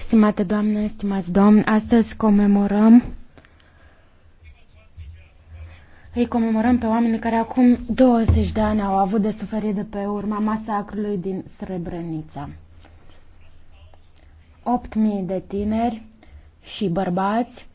Stimate doamne, stimați domni, astăzi comemorăm îi comemorăm pe oamenii care acum 20 de ani au avut de suferit de pe urma masacrului din Srebrenica. 8.000 de tineri și bărbați